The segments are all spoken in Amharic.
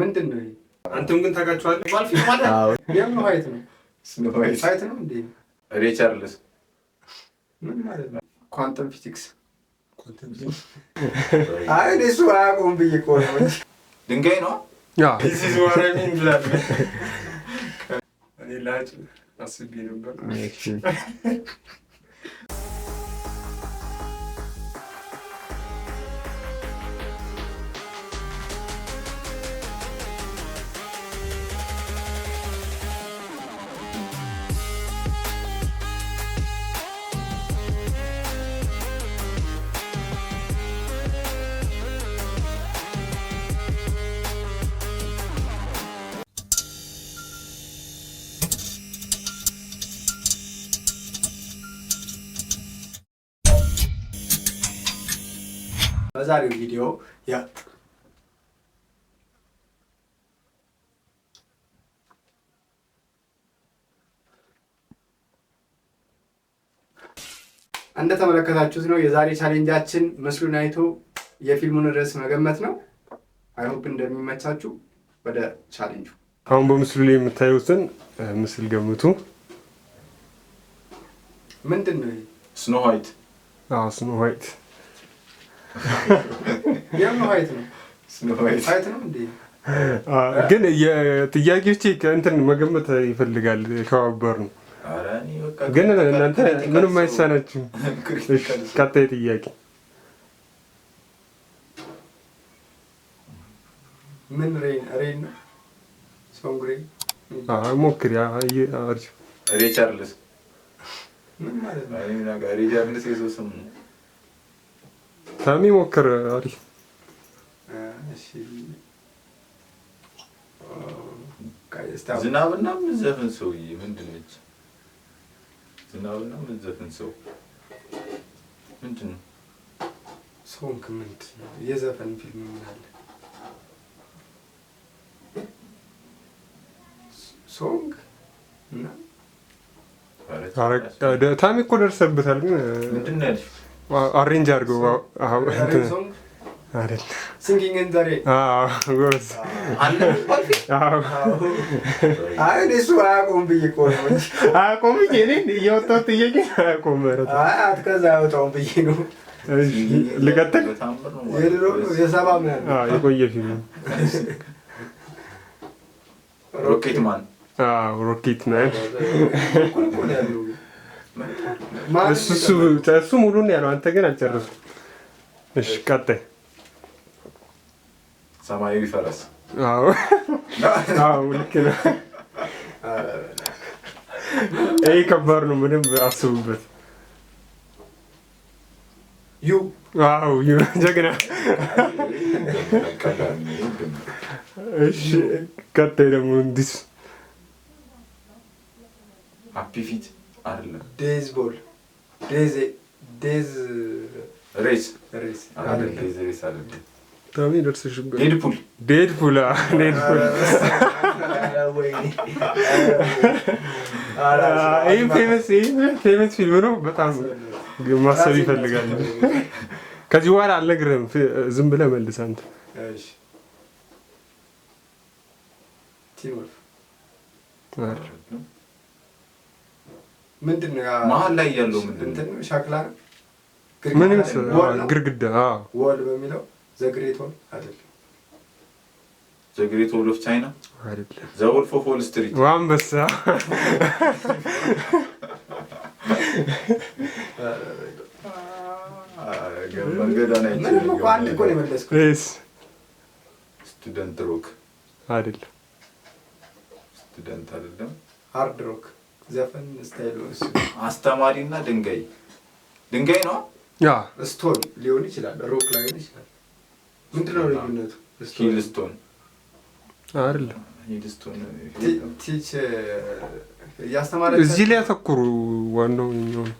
ምንድን ነው? አንተም ግን ታውቃቸዋለህ። የምን ዋይት ነው? ሳይት ነው እንዴ? ሪቻርልስ ምን ማለት ነው? ኳንተም ፊዚክስ አይ እሱ አያውቁም ብዬ እኮ ነው። ድንጋይ ነው እኔ ላጭ አስቤ ነበር። በዛሬው ቪዲዮ እንደተመለከታችሁት ነው። የዛሬ ቻሌንጃችን ምስሉን አይቶ የፊልሙን ርዕስ መገመት ነው። አይሆፕ እንደሚመቻችሁ። ወደ ቻሌንጁ አሁን በምስሉ ላይ የምታዩትን ምስል ገምቱ። ምንድን ነው? ስኖ ዋይት። ስኖ ዋይት ግን የጥያቄዎቼ ከእንትን መገመት ይፈልጋል። ከባበር ነው ግን እናንተ ምንም አይሳናችሁም። ቀጣይ ጥያቄ ምን ሬን ነው? ሶንግሬ ሞክሪ። ሪቻርልስ ምን ማለት ነው? ሪቻርልስ የሰው ስም ነው። ታሚ ሞክር። አሪፍ ዝናብና ምዘፍን ሰው ምንድን ነች? ዝናብና ምዘፍን ሰው ምንድን ነው? ሰውን ክምንት የዘፈን ፊልም ምን አለ? ሶንግ ታሚ እኮ ደርሰብታል ግን አሬንጅ አድርገው አያቆም ብዬ እኔ እያወጣሁ ጥያቄ አያቆም ልቀጥል። የቆየ ፊልም ሮኬት ማን ሮኬት ማን እሱ ሙሉን ያለው አንተ ግን አልጨረስኩም። እሺ ቀጣይ ሰማያዊ ፈረስ። አዎ አዎ፣ ልክ ነው። ይሄ ከባድ ነው። ምንም አስቡበት። ዩ አዎ፣ ዩ ጀግና። እሺ ቀጣይ ደግሞ እንዲስ ሀፒ ፊት አይደለም። ዴዝ ቦል ዴዝ ዴዝ ሬስ ሬስ አይደለም። ዴዝ ሬስ አይደለም። ታሚ ደርሰሽ ዴድፑል ዴድፑል ዴድፑል ፌመስ ፌመስ ፊልም ነው። በጣም ማሰብ ይፈልጋል። ከዚህ በኋላ አልነግርህም። ዝም ብለህ መልስ አንተ። ምንድን ነው መሀል ላይ ያለው ምንድን ነው? ሸክላ ምን ይመስላል? ግድግዳ ወል በሚለው ዘግሬት ወል አይደለም። ዘግሬት ወል ኦፍ ቻይና አይደለም። ዘ ወልፍ ኦፍ ዎል ስትሪት አንበሳ ስቱደንት ሮክ አይደለም። ስቱደንት አይደለም። ሃርድ ሮክ ዘፈን ስታይል አስተማሪ ድንጋይ ድንጋይ ነው። ስቶን ሊሆን ይችላል፣ ሮክ ላይሆን ይችላል። ምንድን ልዩነቱ? ሂል ስቶን አይደለም። እዚህ ላይ ያተኩሩ። ዋናው የሚሆነው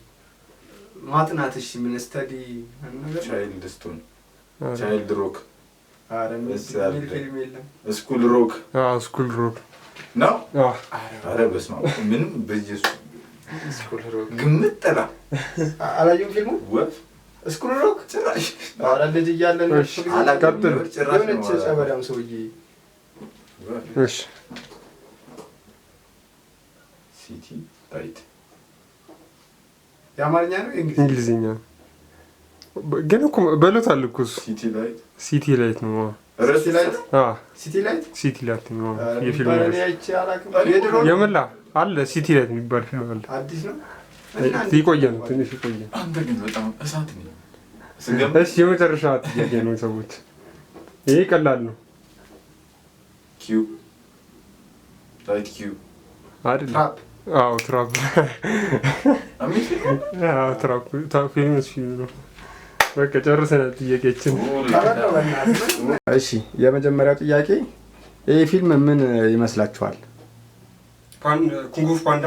ማጥናት። እሺ ምን ስተዲ ቻይልድ ስቶን፣ ቻይልድ ሮክ፣ ስኩል ሮክ፣ ስኩል ሮክ ነው። ኧረ በስመ አብ ምንም ግምት አላየሁም። ፊልሙ እስኩል ሮክ ጭራሽ ልጅ እያለን ሰውዬ ሲቲ ራይት የአማርኛ ነው የእንግሊዝኛ ግን እኮ በሎታል እኮ ሲቲ ላይት ነው። ሲቲ ላይት ሲቲ ላይት የምላ አለ ሲቲ ላይት የሚባል ፊልም አለ። ይቆየ ነው ትንሽ ይቆየ። እሺ የመጨረሻ ጥያቄ ነው ሰዎች፣ ይሄ ቀላል ነው። ትራፕ ትራፕ ፊልም ነው በቃ ጨርሰናል ጥያቄችን። እሺ የመጀመሪያው ጥያቄ ይህ ፊልም ምን ይመስላችኋል? ኩንጉፍ ፓንዳ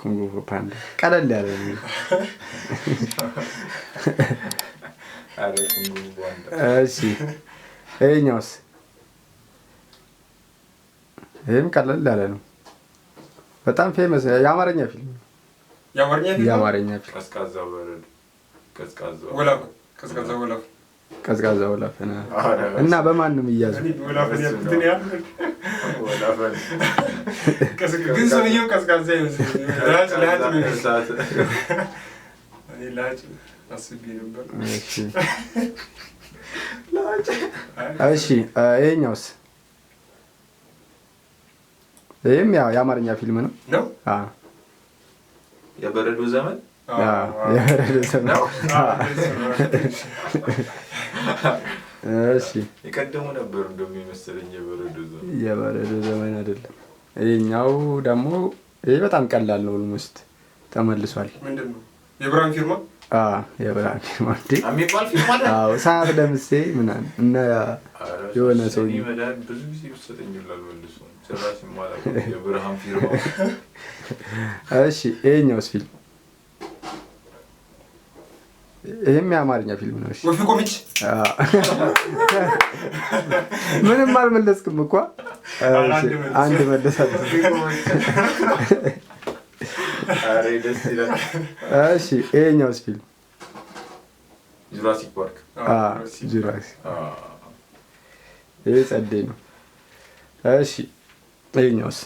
ኩንጉፍ ፓንዳ ቀለል ያለ እሺ ይሄኛውስ? ይህም ቀለል ያለ ነው። በጣም ፌመስ የአማርኛ ፊልም የአማርኛ ፊልም ቀዝቃዛ ወላፈን እና በማንም እያዙ ግን ሰውየው ቀዝቃዛ እሺ ይሄኛውስ? ይህም ያው የአማርኛ ፊልም ነው። የበረዶ ዘመን የቀደሙ ነበሩ እንደሚመስለኝ። የበረዶ ዘመን አይደለም። ይህኛው ደግሞ ይህ በጣም ቀላል ነው። ኦልሞስት ተመልሷል። የብርሃን ፊርማ የብርሃን ፊርማ ሰዓት ለምሴ ምናምን እና የሆነ ሰው ብዙ ጊዜ እሺ፣ ይሄኛውስ ፊልም ይህም የአማርኛ ፊልም ነው። ወፊቆሚች ምንም አልመለስክም እኮ አንድ መለሳለሁ። እሺ ይሄኛውስ ፊልም ጁራሲክ ፓርክ ጁራሲክ ይሄ ጸዴ ነው። እሺ ይሄኛውስ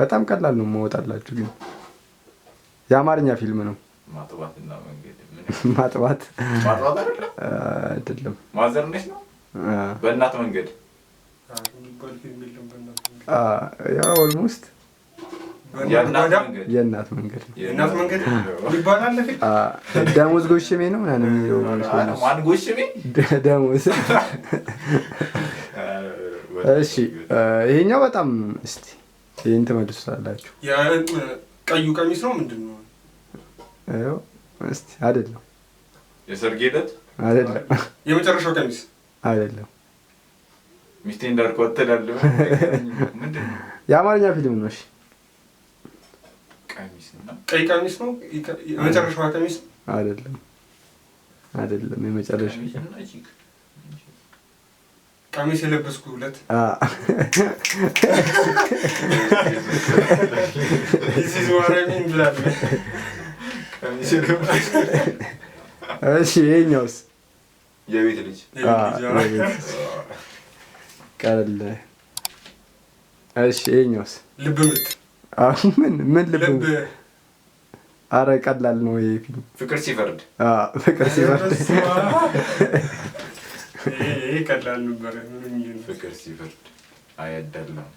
በጣም ቀላል ነው። መወጣላችሁ ግን የአማርኛ ፊልም ነው። ማጥባት አይደለም ማዘር እንዴት ነው? በእናት መንገድ ያው ኦልሞስት የእናት መንገድ ደሞዝ ጎሽሜ ነው ምናምን ደሞዝ። እሺ ይሄኛው በጣም እስቲ ይህን ትመልሱታላችሁ። ቀዩ ቀሚስ ነው ምንድን ነው? እስቲ አይደለም። የሰርግ ዕለት አይደለም። የመጨረሻው ቀሚስ አይደለም። ሚስቴ እንዳልኳት እላለሁ። የአማርኛ ፊልም ነው። እሺ ቀይ ቀሚስ ነው። የመጨረሻዋ ቀሚስ አይደለም። አይደለም። የመጨረሻ ቀሚስ የለበስኩ ዕለት ዚዝ ዋረሚ እንብላለን እሺ ይሄኛውስ የቤት ልጅ ቀለል። እሺ ይሄኛውስ ልብ ምት ምን ምን ልብ አረ ቀላል ነው ይሄ ፊልም ፍቅር ሲፈርድ ፍቅር ሲፈርድ ይሄ ቀላል ነበረ ፍቅር ሲፈርድ አያዳላም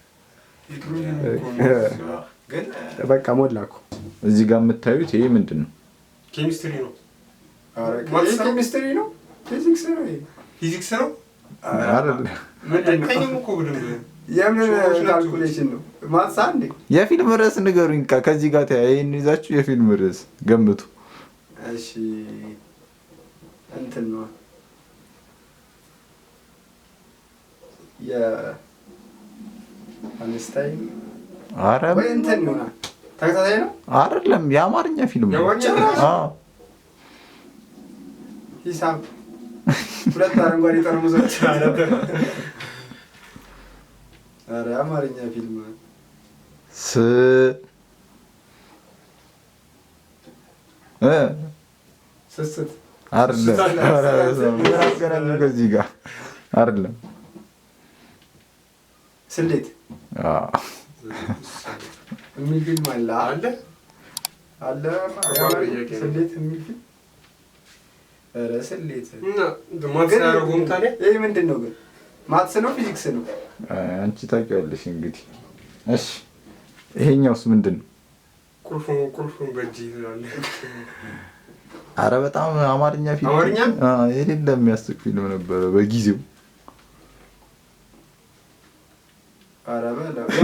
ግን በቃ ሞላኩ። እዚህ ጋር የምታዩት ይሄ ምንድን ነው? ኬሚስትሪ ነው። ኬሚስትሪ ነው። ፊዚክስ ነው። ፊዚክስ ነው። የፊልም ርዕስ ንገሩኝ። ከዚህ ጋር ተያ ይህን ይዛችሁ የፊልም ርዕስ ገምቱ። እንትን ነው የአንስታይን አይደለም የአማርኛ ፊልም ነው። ሂሳብ ሁለት አረንጓዴ ጠርሙሶች አማርኛ ፊልም ስ ስስት ከዚህ ጋር አይደለም ስሌት የሚል አለ አለ አለ ስሌት ይህ ምንድን ነው ግን ማትስ ነው ፊዚክስ ነው አንቺ እንግዲህ እሺ ይሄኛውስ ምንድን ነው ቁልፉን ቁልፉን በእጅ ይላል አረ በጣም አማርኛ ፊልም የሌለ የሚያስቅ ፊልም ነበረ በጊዜው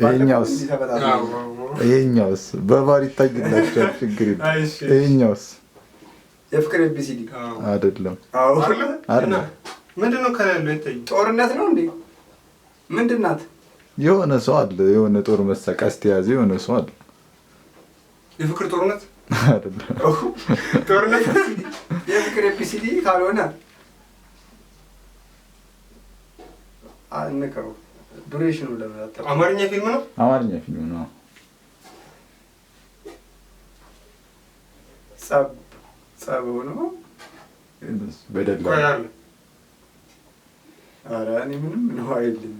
ይሄኛውስ ይሄኛውስ በባር ይታይላቸዋል። ችግር ይሄኛውስ የፍቅር ቢሲዲ አይደለም። ጦርነት ነው እንዴ? ምንድን ናት? የሆነ ሰው አለ፣ የሆነ ጦር መሳ ቀስት የያዘ የሆነ ሰው አለ። የፍቅር ጦርነት አይደለም። ጦርነት የፍቅር ኤቢሲዲ ካልሆነ እንቀው ዱሬሽኑ አማርኛ ፊልም ነው? አማርኛ ፊልም ነው። ጸብ ጸብ ነው። በደል ኧረ እኔ ምንም ነው አይልኝ።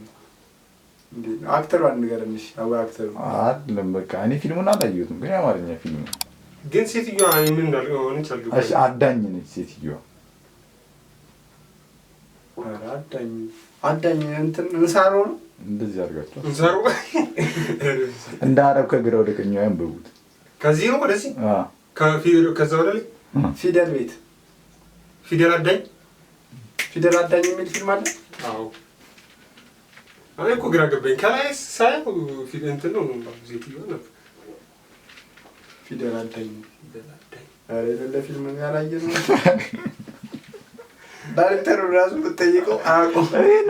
አክተሩ አንገረንሽ አባ አክተሩ አይደለም። በቃ እኔ ፊልሙን አላየሁትም፣ ግን የአማርኛ ፊልም ነው። ግን ሴትዮዋ ምን አዳኝ ነች ሴትዮዋ። አዳኝ አዳኝ እንትን እንሳሮ ነው እንደዚህ አድርጋቸው እንሳሮ እንደ አረብ ከግራ ወደ ቀኝ ያንብቡት። ከዚህ ነው ወደዚህ ከዛ ወደ ላይ ፊደል ቤት ፊደል አዳኝ ፊደል አዳኝ የሚል ፊልም አለ። አዎ እኮ ግራ ገባኝ። ከላይ ፊደል እንትን ነው ሴትዮ ነው ፊደል አዳኝ ፊደል አዳኝ ፊልም ያላየ ነው ዳይሬክተሩ ራሱ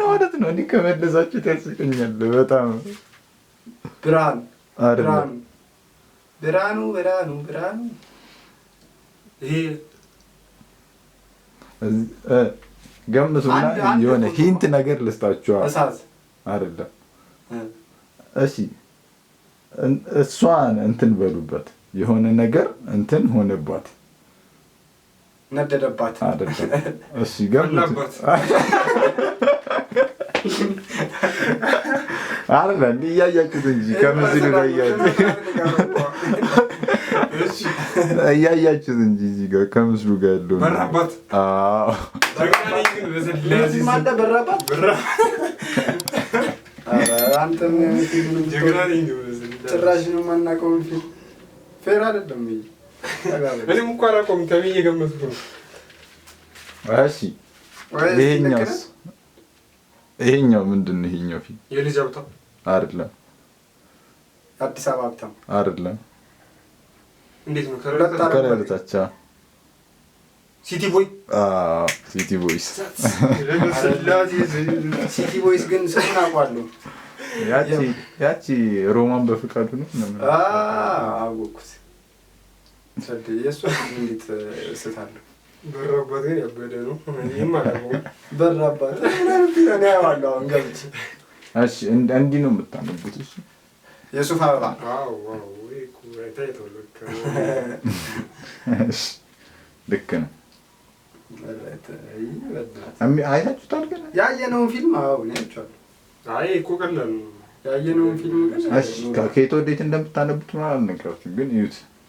ማለት ነው። እኔ ከመለሳችሁ ያስቀኛል በጣም ብርሃኑ ብርሃኑ ብርሃኑ ብርሃኑ ብርሃኑ ይሄ ገምቱና የሆነ ሂንት ነገር ልስጣችኋ። አይደለም እሺ፣ እሷን እንትን በሉበት የሆነ ነገር እንትን ሆነባት ነደደባት። እሺ ገቡት እያያችሁት እንጂ ከምስሉ እያያችሁት እንጂ እዚህ ጋር ከምስሉ ጋር ያለው በራባት። ጭራሽ ነው ፌር አይደለም። እኔም እኮ አላውቀውም ተብዬ እየገመትኩ ነው። እሺ ይሄኛውስ? ይሄኛው ምንድን ነው? ይሄኛው የልጅ ሀብታም አይደለም። አዲስ አበባ ሀብታም አይደለም። እንዴት ነው? ሲቲ ቦይ ሲቲ ቦይስ ሲቲ ቦይስ ግን ስሙን አውቀዋለሁ። ያቺ ያቺ ሮማን በፍቃዱ ነው አወኩት። የእሷ እንዴት እስታለሁ በራባት ግን ያበደ ነው። ይህም አላውቀውም። እኔ አየዋለሁ አሁን ገብቼ። እሺ እንዲህ ነው የምታነቡት? እሺ የሱፍ አበባ ልክ ነው። አይታችሁታል? ግን ያየነውን ፊልም አዎ፣ እኔ አይ ነው ያየነውን ፊልም። ከየት ወዴት እንደምታነቡት ምናምን ግን እዩት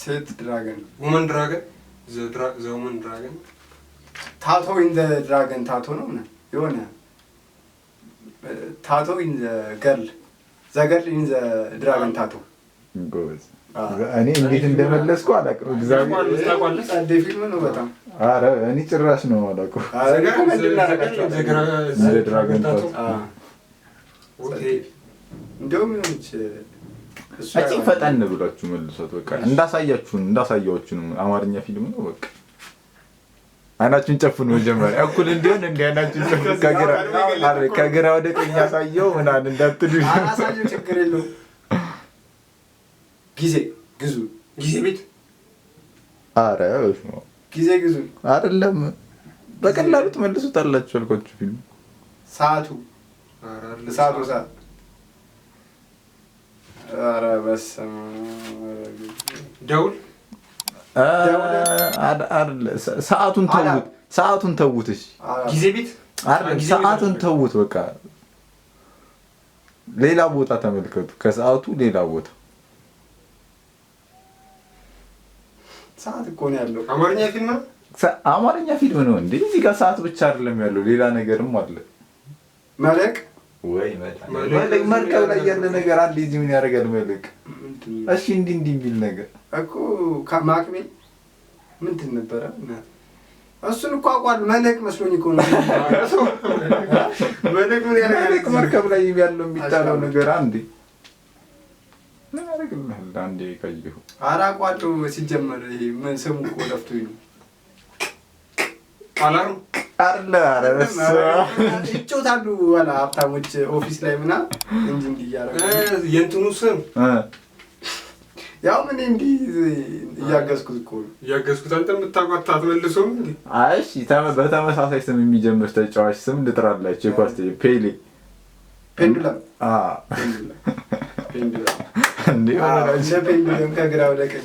ሴት ድራገን ውመን ድራገን ዘውመን ድራገን ታቶ ኢንዘ ድራገን ታቶ ነው ምናምን የሆነ ታቶ ኢንዘ ገርል ዘገርል ኢንዘ ድራገን ታቶ ጎበዝ። እኔ እንዴት እንደመለስኩ አላውቅም። እግዚአብሔር ፊልም ነው በጣም ኧረ እኔ ጭራሽ ነው አላውቅም። ዘድራገን ታቶ እንደውም ሆነች ፈጠን ብላችሁ መልሷት። በቃ እንዳሳያችሁን እንዳሳያዎችን አማርኛ ፊልም ነው። በቃ አይናችሁን ጨፍኑ መጀመሪያ እኩል እንዲሆን እንዲ አይናችሁን ጨፍኑ። ከግራ ወደ ቀኝ ያሳየው ምናምን እንዳትሉ። ችግር የለውም። ጊዜ ግዙ፣ ጊዜ ቤት። አረ ጊዜ ግዙ አይደለም። በቀላሉ ትመልሱት አላችሁ አልኳችሁ። ፊልም ሰዓቱ ሰዓቱ ሰዓት ደውል ሰዓቱን ተውት፣ ሰዓቱን ተውት። እሺ ጊዜ ቤት ሰዓቱን ተውት። በቃ ሌላ ቦታ ተመልከቱ። ከሰዓቱ ሌላ ቦታ ሰዓት እኮ ነው ያለው። አማርኛ ፊልም አማርኛ ፊልም ነው እንዴ? እዚህ ጋር ሰዓት ብቻ አይደለም ያለው ሌላ ነገርም አለ ወይ መርከብ ላይ ያለ ነገር አንድ ዚህ ምን ያደርጋል? መልክ እሺ፣ የሚል ነገር እኮ ማቅቤል ምንትን ነበረ። እሱን እኮ መልክ መስሎኝ እኮ ነው። መርከብ ላይ ያለው የሚጣለው ነገር አንዴ አንዴ ቀይሁ ሲጀመር ምን ስሙ እኮ ለፍቶኝ ነው አላሩ አለ ይጮታሉ። ዋላ ሀብታሞች ኦፊስ ላይ ምና እንጂ እንዲህ እያደረገ የእንትኑ ስም ያው ምን እንዲህ እያገዝኩት እኮ ነው እያገዝኩት። አንተ የምታውቋት አትመልሱም። እሺ በተመሳሳይ ስም የሚጀምር ተጫዋች ስም ልጥራላችሁ። የኳስ ፔሌ፣ ፔንዱላም ፔንዱላም ከግራ ወደ ቀኝ